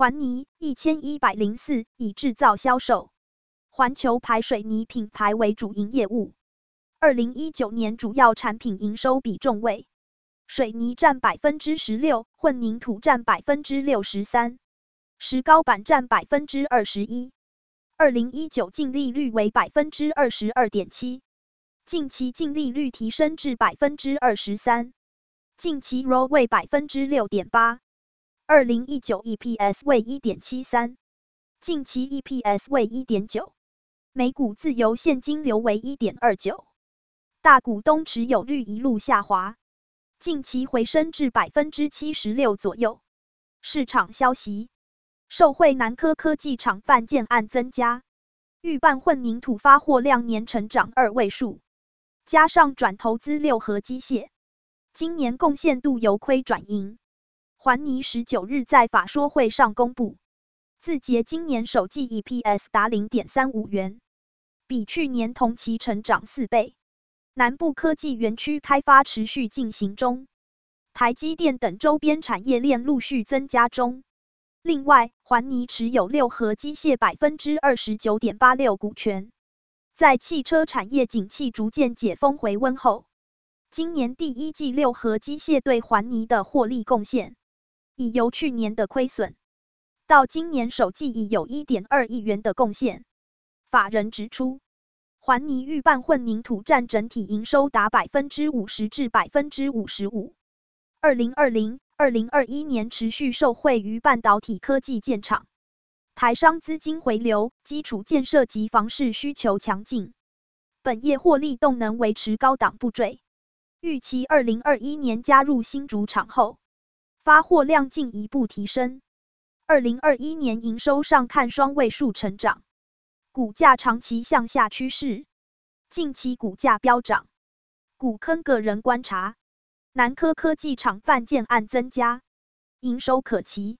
環泥一千一百零四以製造銷售環球牌水泥品牌為主營業務。二零一九年主要產品營收比重為：水泥占百分之十六，混凝土占百分之六十三，石膏板占百分之二十一。二零一九淨利率為百分之二十二點七，近期淨利率提升至百分之二十三，近期 ROE 為百分之六點八。2019 EPS 為1.73，近期 EPS 為1.9，每股自由現金流為1.29，大股東持有率一路下滑，近期回升至百分之七十六左右。市場消息，受惠南科科技廠房建案增加，預拌混凝土發貨量，量年成長二位數，加上轉投資六和機械，今年貢獻度由虧轉盈。環泥十九日在法說會上公布，自結今年首季 EPS 達零點三五元，比去年同期成長四倍。南部科技園區開發持續進行中，台積電等周邊產業鏈陸續增加中。另外，環泥持有六和機械百分之二十九點八六股權，在汽車產業景氣逐漸解封回溫後，今年第一季六和機械對環泥的獲利貢獻，已由去年的虧損，到今年首季已有一點二億元的貢獻。法人指出，環泥預拌混凝土占整體營收達百分之五十至百分之五十五。二零二零、二零二一年持續受惠於半導體科技建廠，台商資金回流、基礎建設及房市需求強勁，本業獲利動能維持高檔不墜，預期二零二一年加入新竹廠後，發貨量進一步提升，二零二一年營收上看雙位數成長，股價長期向下趨勢，近期股價飆漲。股坑個人觀察，南科科技廠房建案增加，營收可期，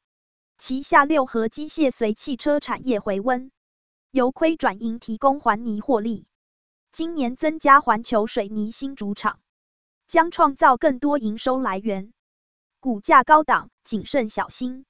旗下六和機械隨汽車產業回溫，由虧轉盈提供環泥獲利。今年增加環球水泥新竹廠，將創造更多營收來源。股價高檔，謹慎小心。